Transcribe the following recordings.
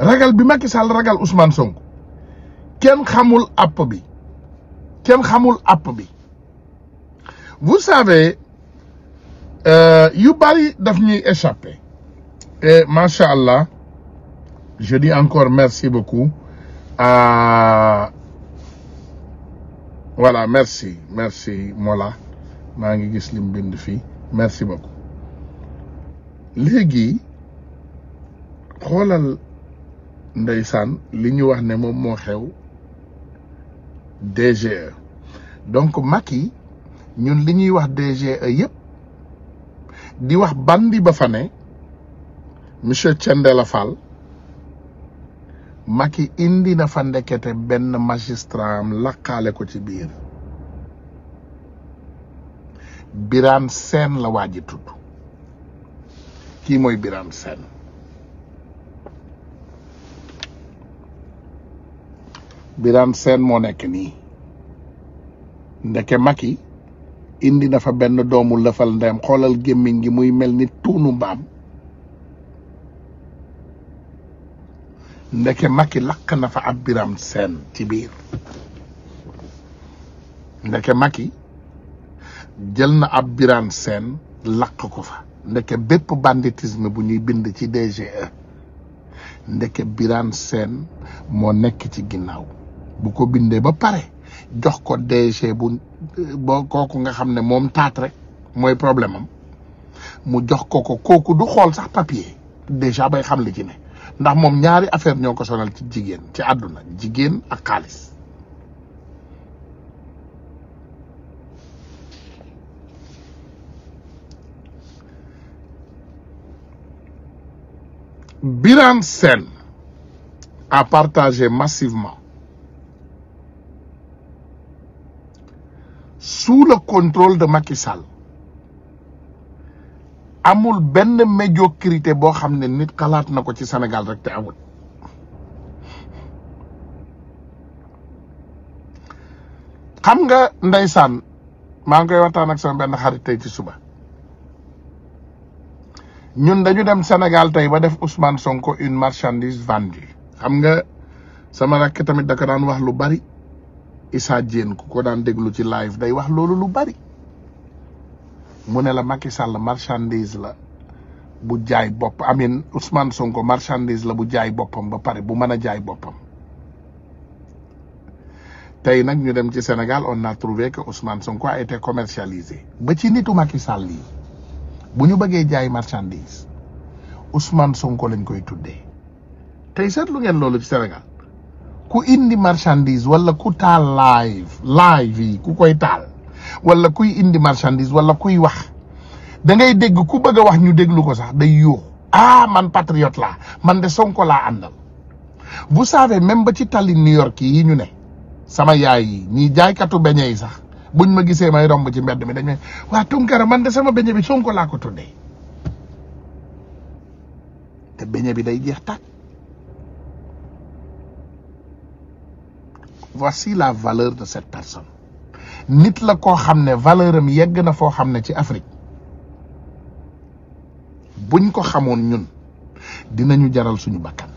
ragal bi Macky Sall ragal Ousmane Sonko kenn xamul app bi kenn xamul app bi vous savez euh, yu bari daf ñuy échappé et macha allah je dis encore merci beaucoup à voilà merci merci Mola maa ngi gis lim bind fii merci beaucoup léegi ndeysaan li ñu wax ne moom moo xew DGE donc Macky ñun li ñuy wax DGE yëpp di wax bandi ba fa ne monsieur Thiendella Fall Macky indi na fa ndekete benn magistrat lakkaale ko ci biir Birane seen la waa ji tudd kii mooy Birane Sène Birane seen moo nekk nii ndeke Macky indi na fa benn doomu lëfal ndeyam xoolal gémmiñ gi muy mel ni tuunu mbaam ndeke Macky lakk na fa ab Birane Sène ci biir ndeke Macky jël na ab Birane Sène lakk ko fa ndeke bépp banditisme bu ñuy bind ci DGE ndeke Birane Sène moo nekk ci ginnaaw bu ko bindee ba pare jox ko DG bu ba kooku nga xam ne moom taat rek mooy problème am mu jox ko ko kooku du xool sax papier déjà bay xam li ci ne ndax moom ñaari affaire ñoo ko sonal ci jigéen ci àdduna jigéen ak xaalis Biram Sen a partagé massivement sous le contrôle de Macky Sall amul benn médiocrité boo xam ne nit kalaat na ko ci Sénégal rek te amul xam nga ndeysaan maa ngi koy waxtaan ak sama benn xarit tey ci suba ñun dañu dem Sénégal tey ba def Ousmane Sonko une marchandise vendue xam nga sama rakk tamit da ko daan wax lu bari Issa Diène ku ko daan déglu ci live day wax loolu lu bari mu ne la Macky Sall marchandise la bu jaay bopp amin Ousmane Sonko marchandise la bu jaay boppam ba pare bu mën a jaay boppam tey nag ñu dem ci Sénégal on a trouvé que Ousmane Sonko a été commercialisé ba ci nitu Macky Sall yi bu ñu bëggee jaay marchandise Ousmane Sonko lañ koy tuddee tey seetlu ngeen loolu ci Sénégal ku indi marchandise walla ku taal live live yi ku koy taal wala kuy indi marchandise wala kuy wax da ngay dégg ku bëgg a wax ñu déglu ko sax day yuux ah man patriote la man de Sonko laa àndal vous savez même ba ci tali New York yi ñu ne sama yaay yi ñii jaaykatu beñe yi sax buñ ma gisee may romb ci mbedd mi dañ may waa Tunkara man de sama beñe Sonko laa ko tuddee te beñe bi day jeex tàkk voici la valeur de cette personne nit la koo xam ne valeur yegg na foo xam ne ci Afrique buñ ko xamoon ñun dinañu jaral suñu bakkan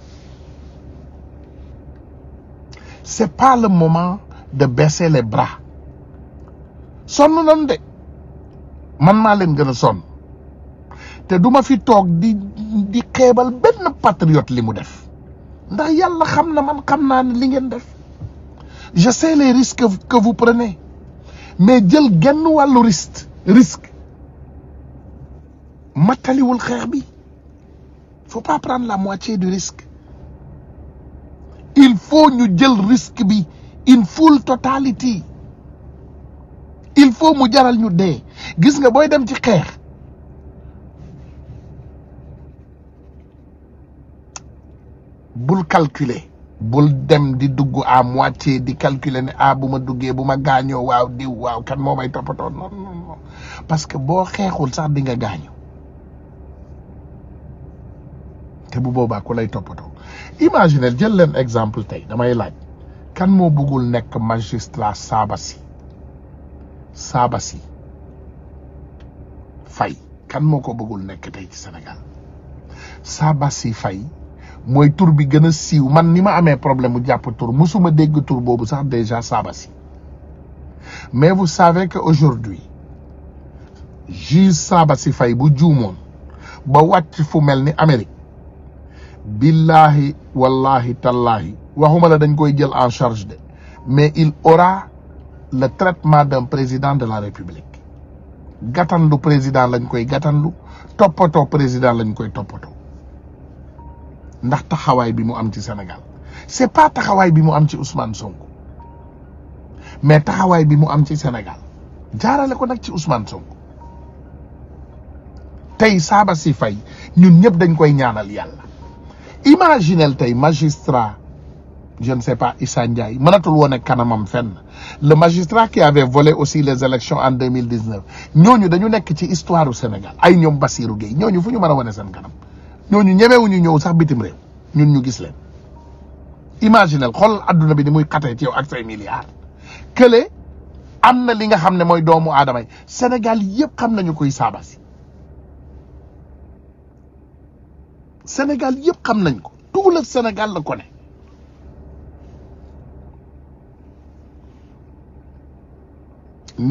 c'est pas le moment de baisser les bras sonn nañ de man maa leen gën a sonn te duma fi toog di di xeebal benn patriote li mu def ndax yàlla xam na man xam naa ne li ngeen def je sais les risques que vous, prenez mais jël genn wàllu risque risque mattaliwul xeex bi faut pas prendre la moitié du risque il faut ñu jël risque bi in full totality il faut mu jaral ñu dee gis nga booy dem ci xeex bul calculer bul dem di dugg à moitié di calculer ne ah bu ma duggee bu ma gaañoo waaw diw waaw kan moo may toppatoo non non non parce que boo xeexul sax di nga gaañu te bu boobaa ku lay toppatoo imaginer jël leen exemple tey damay laaj kan moo bëggul nekk saaba si saaba si fay kan moo ko bëggul nekk tey ci senegal saaba si fay. mooy tur bi gën a siiw man ni ma amee problème mu jàpp tur musuma dégg tur boobu sax déjà Sabassi mais vous savez que aujourd'hui juge si fay bu juumoon ba wàcc fu mel ni Amérique billahi wallahi tallahi waxuma la dañ koy jël en charge de mais il aura le traitement d'un président de la République gàttandu président lañ koy gàttandu toppatoo président lañ koy toppatoo ndax taxawaay bi mu am ci senegal c'est pas taxawaay bi mu am ci Ousmane Sonko mais taxawaay bi mu am ci Sénégal jaarale ko nag ci Ousmane Sonko tey saaba si fay ñun ñëpp dañ koy ñaanal yàlla imaginel tey magistrat je ne sais pas Issa Ndiaye mënatul woon ak kanamam fenn le magistrat qui avait volé aussi les élections en deux mille dix-neuf dañu nekk ci histoire du Sénégal ay ñoom Bassirou Gueye ñu fu ñu mën a wane seen kanam. ñooñu ñemewuñu ñëw sax bitim réew ñun ñu gis leen imaginel xool adduna bi ni muy xatee ci yow ak say milliards kële am na li nga xam ne mooy doomu aadama senegal Sénégal yëpp xam nañu koy saabasi Sénégal yëpp xam nañ ko tout senegal la ko ne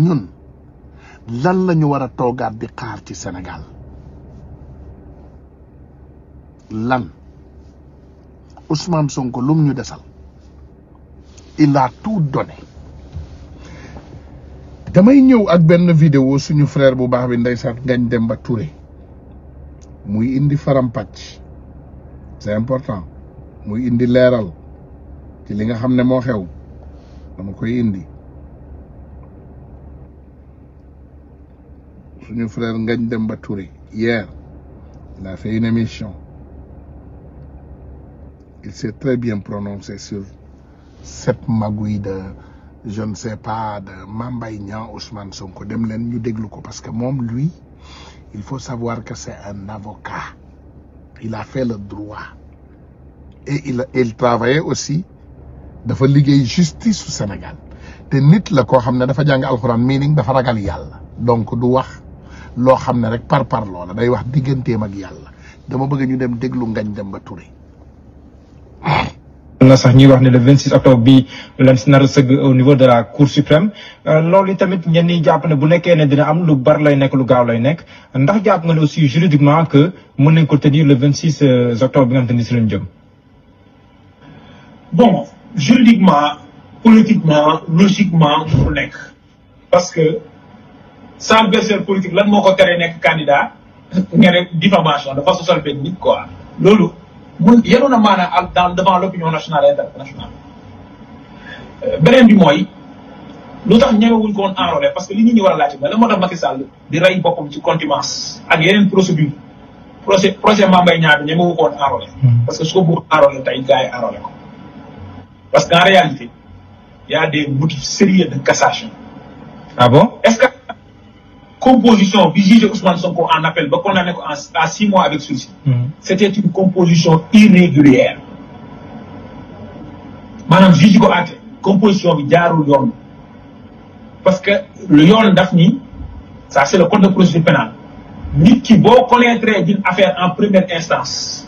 ñun lan la ñu war a toogaat di xaar ci senegal lan Ousmane Sonko lum ñu desal il damay ñëw ak benn vidéo suñu freer bu baax bi ndeysaan dem Demba Touré muy indi farampàcc c'est important muy indi leeral ci li nga xam ne moo xew dama koy indi suñu frère Ngagne dem Touré hier il a fait une émission Il s'est très bien prononcé sur cette magouille de je ne sais pas de Mame Mbaye Niang Ousmane Sonko dem leen ñu déglu ko parce que moom lui il faut savoir que c'est un avocat il a fait le droit et il il travaillait aussi dafa liggéey justice su Sénégal te nit la koo xam ne dafa jàng alxuraan meaning dafa ragal yàlla donc du wax loo xam ne rek par par loola day wax digganteem mag yàlla dama bëgg ñu dem déglu ngañ dem ba Touré am na sax ñuy wax ne le 26 octobre bi lan si nar a sëgg au niveau de la cour suprême euh, loolu tamit ñenn ñi jàpp ne bu nekkee ne dina am lu bari lay nekk lu gaaw lay nekk ndax jàpp nga ne aussi juridiquement que mën nañ ko tenir le 26 euh, octobre bi nga xamante ni si lañ jëm. bon juridiquement politiquement logiquement nekk parce que sa adversaire politique lan moo ko tere nekk candidat nga diffamation dafa sosal benn nit quoi loolu. mun yenu na maanaam dans devant l'opinion nationale internationale euh, beneen bi mooy lu tax ñemewuñ ko woon enrôlé parce que li nit ñi war a laajte mooy la moo tax Macky Sall di rey boppam ci contumace ak yeneen procédure procès procès Mame Mbaye Niang bi ñemewu ko woon enrôlé hmm. parce que su ko bëgg enrôlé tey gars yi enrôlé ko parce que en réalité y a des motifs sérieux de cassation ah bon est-ce que composition bi jugé Ousmane Sonko en appel ba condamné ko à six mois avec sursis mm-hmm. c'était une composition irrégulière maanaam juge ko àtte composition bi jaarul yoon parce que le yoon daf ni ça c'est le code de procédure pénale nit ki boo connaître d'une affaire en première instance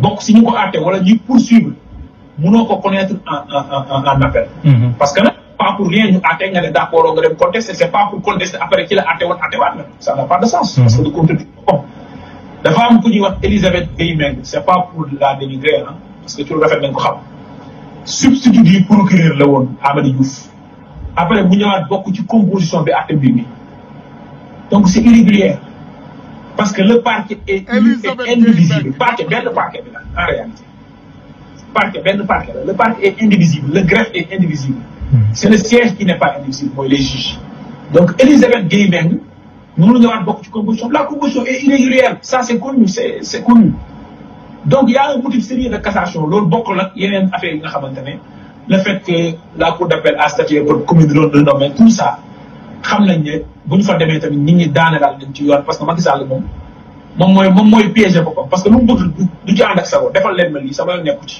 bokk mm-hmm. si ñu ko àtte wala ñuy poursuivre mënoo ko connaître en appel mm-hmm. parce que nag pas pour rien ñu àtte nga ne d' accord nga contester c' pas pour contester après ci la àtte woon àtte waat na ça n' a pas de sens. Mhm. parce dafa am ku wax Elisabeth Guèye Meng c' pas pour la dénigrer parce que ci lu rafet nañ ko xam substitut du la woon Amady Diouf après mu ñëwaat bokk ci composition bi àtte bi bi donc c' est parce que le parquet est. indivisible parquet benn parquet bi la en réalité. parquet benn parquet la le parquet est indivisible le greffe est indivisible hmm. c'est le siège qui n'est pas indivisible mooy les juges donc Élisabeth Guèye Mbengue mënul ñëwaat bokk ci composition la composition est irrégulière ça c'est connu c'est c'est donc y a motif sérieux de cassation loolu bokk la yeneen affaire yi nga xamante ne le fait que la cour d'appel a statué pour commune loolu renommé tout ça xam nañ ne bu ñu fa demee tamit nit ñi daane daal dañ ci yoon parce que Macky Sall moom moom mooy moom mooy piégé que lu mu bëgg ci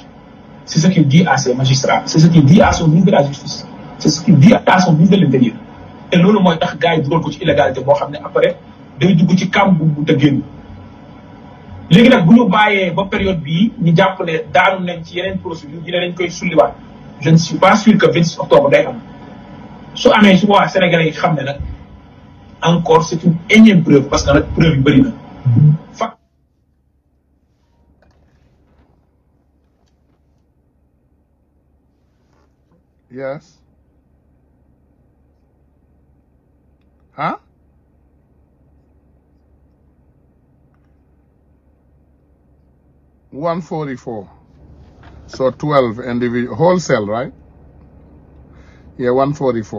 C'est ce qu'il dit à ses magistrats. C'est ce qu'il dit à son ministre de la Justice. C'est ce qu'il dit à son ministre de l'Intérieur. te loolu mooy tax gars yi dugal ko ci illégalité boo xam ne après day dugg ci kàmb bu te génn léegi nag bu ñu bàyyee ba période bii ñu jàpp ne daanu nañ ci yeneen procédure dina lañ koy sulliwaat je ne suis pas sûr que 26 octobre day am su amee su boobaa sénégalais yi xam ne nag encore c' est une énième preuve parce que nag preuve yu bëri na. Yes. Huh? One forty four. So twelve individual right? Yeah,